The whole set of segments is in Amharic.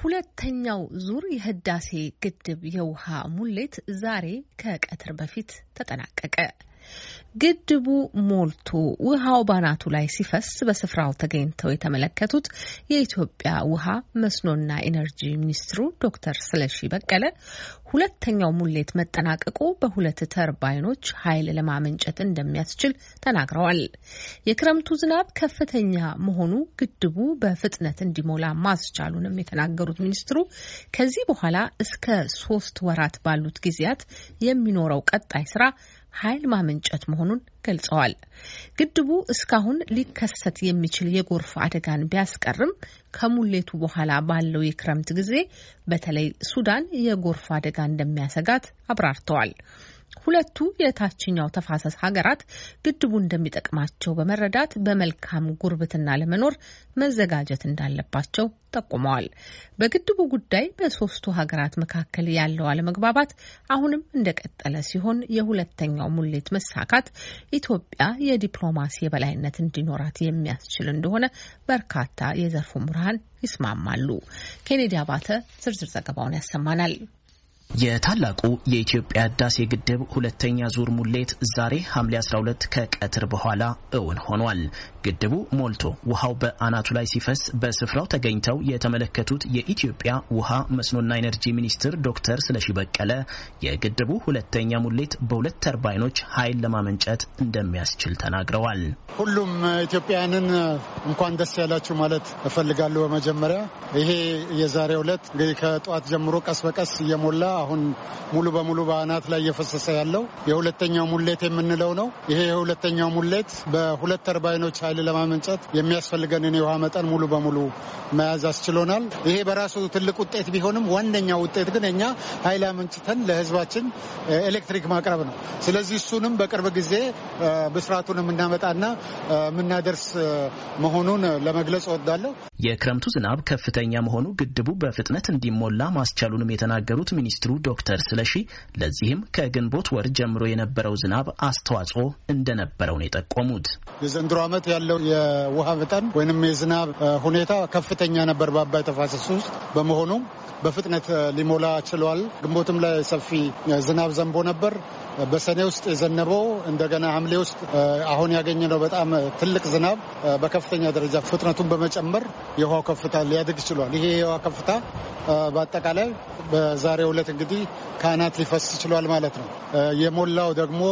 ሁለተኛው ዙር የህዳሴ ግድብ የውሃ ሙሌት ዛሬ ከቀትር በፊት ተጠናቀቀ። ግድቡ ሞልቶ ውሃው ባናቱ ላይ ሲፈስ በስፍራው ተገኝተው የተመለከቱት የኢትዮጵያ ውሃ መስኖና ኢነርጂ ሚኒስትሩ ዶክተር ስለሺ በቀለ ሁለተኛው ሙሌት መጠናቀቁ በሁለት ተርባይኖች ኃይል ለማመንጨት እንደሚያስችል ተናግረዋል። የክረምቱ ዝናብ ከፍተኛ መሆኑ ግድቡ በፍጥነት እንዲሞላ ማስቻሉንም የተናገሩት ሚኒስትሩ ከዚህ በኋላ እስከ ሶስት ወራት ባሉት ጊዜያት የሚኖረው ቀጣይ ስራ ኃይል ማመንጨት መሆኑ መሆኑን ገልጸዋል። ግድቡ እስካሁን ሊከሰት የሚችል የጎርፍ አደጋን ቢያስቀርም ከሙሌቱ በኋላ ባለው የክረምት ጊዜ በተለይ ሱዳን የጎርፍ አደጋ እንደሚያሰጋት አብራርተዋል። ሁለቱ የታችኛው ተፋሰስ ሀገራት ግድቡ እንደሚጠቅማቸው በመረዳት በመልካም ጉርብትና ለመኖር መዘጋጀት እንዳለባቸው ጠቁመዋል። በግድቡ ጉዳይ በሶስቱ ሀገራት መካከል ያለው አለመግባባት አሁንም እንደቀጠለ ሲሆን የሁለተኛው ሙሌት መሳካት ኢትዮጵያ የዲፕሎማሲ የበላይነት እንዲኖራት የሚያስችል እንደሆነ በርካታ የዘርፉ ምሁራን ይስማማሉ። ኬኔዲ አባተ ዝርዝር ዘገባውን ያሰማናል። የታላቁ የኢትዮጵያ ህዳሴ ግድብ ሁለተኛ ዙር ሙሌት ዛሬ ሐምሌ 12 ከቀትር በኋላ እውን ሆኗል። ግድቡ ሞልቶ ውሃው በአናቱ ላይ ሲፈስ በስፍራው ተገኝተው የተመለከቱት የኢትዮጵያ ውሃ መስኖና ኢነርጂ ሚኒስትር ዶክተር ስለሺ በቀለ የግድቡ ሁለተኛ ሙሌት በሁለት ተርባይኖች ኃይል ለማመንጨት እንደሚያስችል ተናግረዋል። ሁሉም ኢትዮጵያውያንን እንኳን ደስ ያላችሁ ማለት እፈልጋለሁ። በመጀመሪያ ይሄ የዛሬ ሁለት እንግዲህ ከጠዋት ጀምሮ ቀስ በቀስ እየሞላ አሁን ሙሉ በሙሉ በአናት ላይ እየፈሰሰ ያለው የሁለተኛው ሙሌት የምንለው ነው። ይሄ የሁለተኛው ሙሌት በሁለት ተርባይኖች ኃይል ለማመንጨት የሚያስፈልገንን የውሃ መጠን ሙሉ በሙሉ መያዝ አስችሎናል። ይሄ በራሱ ትልቅ ውጤት ቢሆንም ዋነኛው ውጤት ግን እኛ ኃይል አመንጭተን ለህዝባችን ኤሌክትሪክ ማቅረብ ነው። ስለዚህ እሱንም በቅርብ ጊዜ ብስራቱን የምናመጣና የምናደርስ መሆኑን ለመግለጽ እወዳለሁ። የክረምቱ ዝናብ ከፍተኛ መሆኑ ግድቡ በፍጥነት እንዲሞላ ማስቻሉንም የተናገሩት ሚኒስትሩ ዶክተር ስለሺ ለዚህም ከግንቦት ወር ጀምሮ የነበረው ዝናብ አስተዋጽኦ እንደነበረው ነው የጠቆሙት። የዘንድሮ ዓመት ያለ ያለው የውሃ መጠን ወይም የዝናብ ሁኔታ ከፍተኛ ነበር በአባይ ተፋሰስ ውስጥ በመሆኑ በፍጥነት ሊሞላ ችሏል። ግንቦትም ላይ ሰፊ ዝናብ ዘንቦ ነበር። በሰኔ ውስጥ የዘነበው እንደገና ሐምሌ ውስጥ አሁን ያገኘነው በጣም ትልቅ ዝናብ በከፍተኛ ደረጃ ፍጥነቱን በመጨመር የውሃው ከፍታ ሊያድግ ችሏል። ይሄ የውሃ ከፍታ በአጠቃላይ በዛሬው ዕለት እንግዲህ ከአናት ሊፈስ ችሏል ማለት ነው። የሞላው ደግሞ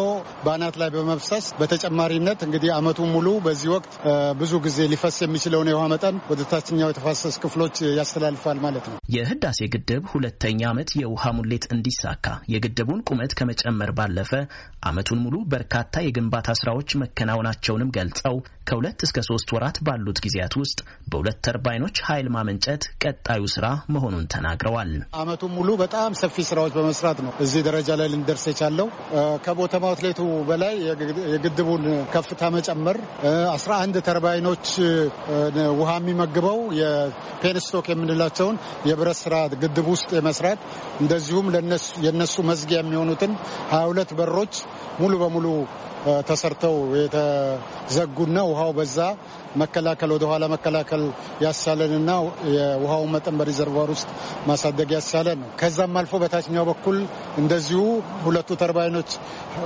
በአናት ላይ በመፍሰስ በተጨማሪነት እንግዲህ አመቱን ሙሉ በዚህ ወቅት ብዙ ጊዜ ሊፈስ የሚችለውን የውሃ መጠን ወደ ታችኛው የተፋሰስ ክፍሎች ያስተላልፋል ማለት ነው። የህዳሴ ግድብ ሁለተኛ ዓመት የውሃ ሙሌት እንዲሳካ የግድቡን ቁመት ከመጨመር ባለ ባለፈ አመቱን ሙሉ በርካታ የግንባታ ስራዎች መከናወናቸውንም ገልጸው ከሁለት እስከ ሶስት ወራት ባሉት ጊዜያት ውስጥ በሁለት ተርባይኖች ኃይል ማመንጨት ቀጣዩ ስራ መሆኑን ተናግረዋል። አመቱን ሙሉ በጣም ሰፊ ስራዎች በመስራት ነው እዚህ ደረጃ ላይ ልንደርስ የቻለው። ከቦተ አውትሌቱ በላይ የግድቡን ከፍታ መጨመር፣ አስራ አንድ ተርባይኖች ውሃ የሚመግበው የፔንስቶክ የምንላቸውን የብረት ስራ ግድብ ውስጥ የመስራት እንደዚሁም የነሱ መዝጊያ የሚሆኑትን ሀያ ሁለት በሮች ሙሉ በሙሉ ተሰርተው የተዘጉና ውሃው በዛ መከላከል ወደኋላ መከላከል ያስቻለንና የውሃውን መጠን በሪዘርቫር ውስጥ ማሳደግ ያስቻለ ነው። ከዛም አልፎ በታችኛው በኩል እንደዚሁ ሁለቱ ተርባይኖች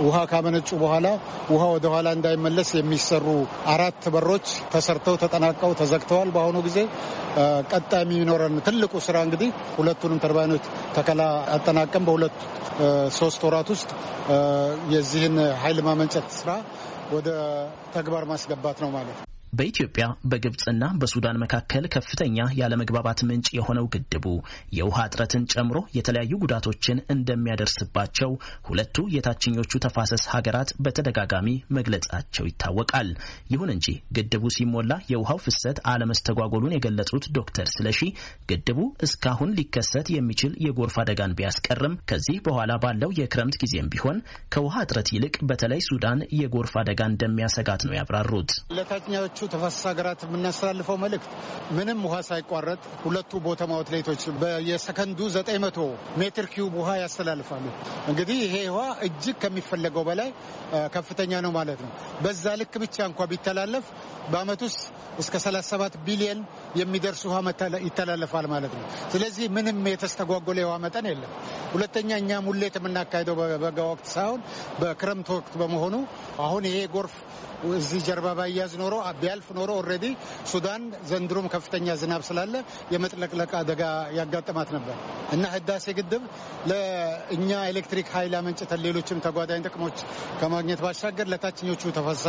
ውሃ ካመነጩ በኋላ ውሃ ወደኋላ እንዳይመለስ የሚሰሩ አራት በሮች ተሰርተው ተጠናቀው ተዘግተዋል። በአሁኑ ጊዜ ቀጣይ የሚኖረን ትልቁ ስራ እንግዲህ ሁለቱንም ተርባይኖች ተከላ አጠናቀም በሁለት ሶስት ወራት ውስጥ የዚህን ኃይል ማመንጨት ስራ ወደ ተግባር ማስገባት ነው ማለት ነው። በኢትዮጵያ በግብፅና በሱዳን መካከል ከፍተኛ ያለመግባባት ምንጭ የሆነው ግድቡ የውሃ እጥረትን ጨምሮ የተለያዩ ጉዳቶችን እንደሚያደርስባቸው ሁለቱ የታችኞቹ ተፋሰስ ሀገራት በተደጋጋሚ መግለጻቸው ይታወቃል። ይሁን እንጂ ግድቡ ሲሞላ የውሃው ፍሰት አለመስተጓጎሉን የገለጹት ዶክተር ስለሺ ግድቡ እስካሁን ሊከሰት የሚችል የጎርፍ አደጋን ቢያስቀርም ከዚህ በኋላ ባለው የክረምት ጊዜም ቢሆን ከውሃ እጥረት ይልቅ በተለይ ሱዳን የጎርፍ አደጋ እንደሚያሰጋት ነው ያብራሩት። ለሌሎቹ ተፋሰስ ሀገራት የምናስተላልፈው መልእክት ምንም ውሃ ሳይቋረጥ ሁለቱ ቦተም አውትሌቶች በየሰከንዱ 900 ሜትር ኪዩብ ውሃ ያስተላልፋሉ። እንግዲህ ይሄ ውሃ እጅግ ከሚፈለገው በላይ ከፍተኛ ነው ማለት ነው። በዛ ልክ ብቻ እንኳ ቢተላለፍ በአመት ውስጥ እስከ 37 ቢሊየን የሚደርስ ውሃ ይተላለፋል ማለት ነው። ስለዚህ ምንም የተስተጓጎለ የውሃ መጠን የለም። ሁለተኛ እኛ ሙሌት የምናካሄደው በበጋ ወቅት ሳይሆን በክረምት ወቅት በመሆኑ አሁን ይሄ ጎርፍ እዚህ ጀርባ ባያዝ ኖሮ ቢያልፍ ኖሮ ኦልሬዲ ሱዳን ዘንድሮም ከፍተኛ ዝናብ ስላለ የመጥለቅለቅ አደጋ ያጋጠማት ነበር እና ህዳሴ ግድብ ለእኛ ኤሌክትሪክ ኃይል አመንጭተን ሌሎችም ተጓዳኝ ጥቅሞች ከማግኘት ባሻገር ለታችኞቹ ተፋሰስ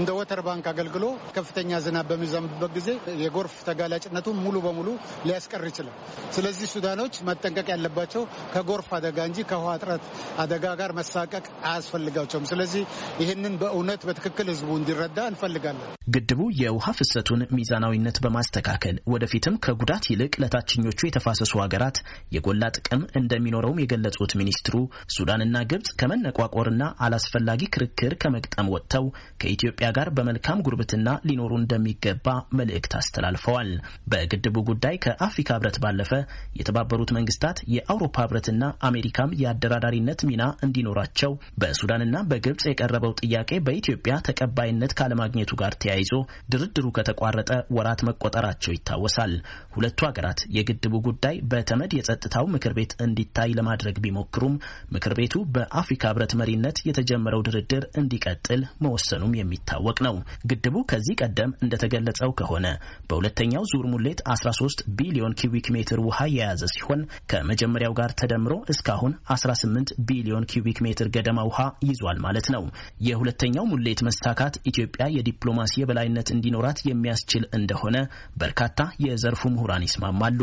እንደ ወተር ባንክ አገልግሎ ከፍተኛ ዝናብ በሚዘንብበት ጊዜ የጎርፍ ተጋላጭነቱን ሙሉ በሙሉ ሊያስቀር ይችላል። ስለዚህ ሱዳኖች መጠንቀቅ ያለባቸው ከጎርፍ አደጋ እንጂ ከውሃ እጥረት አደጋ ጋር መሳቀቅ አያስፈልጋቸውም። ስለዚህ ይህንን በእውነት በትክክል ህዝቡ እንዲረዳ እንፈልጋለን። ግድቡ የውሃ ፍሰቱን ሚዛናዊነት በማስተካከል ወደፊትም ከጉዳት ይልቅ ለታችኞቹ የተፋሰሱ ሀገራት የጎላ ጥቅም እንደሚኖረውም የገለጹት ሚኒስትሩ ሱዳንና ግብጽ ከመነቋቆርና አላስፈላጊ ክርክር ከመግጠም ወጥተው ከኢትዮጵያ ጋር በመልካም ጉርብትና ሊኖሩ እንደሚገባ መልእክት አስተላልፈዋል። በግድቡ ጉዳይ ከአፍሪካ ህብረት ባለፈ የተባበሩት መንግስታት የአውሮፓ ህብረት መንግስትና አሜሪካም የአደራዳሪነት ሚና እንዲኖራቸው በሱዳንና በግብጽ የቀረበው ጥያቄ በኢትዮጵያ ተቀባይነት ካለማግኘቱ ጋር ተያይዞ ድርድሩ ከተቋረጠ ወራት መቆጠራቸው ይታወሳል። ሁለቱ ሀገራት የግድቡ ጉዳይ በተመድ የጸጥታው ምክር ቤት እንዲታይ ለማድረግ ቢሞክሩም ምክር ቤቱ በአፍሪካ ህብረት መሪነት የተጀመረው ድርድር እንዲቀጥል መወሰኑም የሚታወቅ ነው። ግድቡ ከዚህ ቀደም እንደተገለጸው ከሆነ በሁለተኛው ዙር ሙሌት 13 ቢሊዮን ኪዩቢክ ሜትር ውሃ የያዘ ሲሆን ከመጀመሪያው ጋር ተደ ጨምሮ እስካሁን 18 ቢሊዮን ኪዩቢክ ሜትር ገደማ ውሃ ይዟል ማለት ነው። የሁለተኛው ሙሌት መስታካት ኢትዮጵያ የዲፕሎማሲ የበላይነት እንዲኖራት የሚያስችል እንደሆነ በርካታ የዘርፉ ምሁራን ይስማማሉ።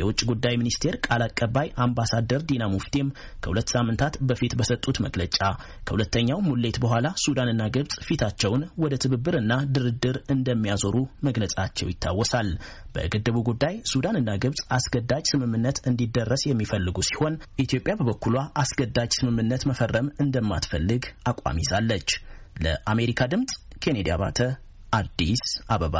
የውጭ ጉዳይ ሚኒስቴር ቃል አቀባይ አምባሳደር ዲና ሙፍቲም ከሁለት ሳምንታት በፊት በሰጡት መግለጫ ከሁለተኛው ሙሌት በኋላ ሱዳንና ግብጽ ፊታቸውን ወደ ትብብርና ድርድር እንደሚያዞሩ መግለጻቸው ይታወሳል። በግድቡ ጉዳይ ሱዳንና ግብጽ አስገዳጅ ስምምነት እንዲደረስ የሚፈልጉ ሲሆን ኢትዮጵያ በበኩሏ አስገዳጅ ስምምነት መፈረም እንደማትፈልግ አቋም ይዛለች። ለአሜሪካ ድምፅ ኬኔዲ አባተ አዲስ አበባ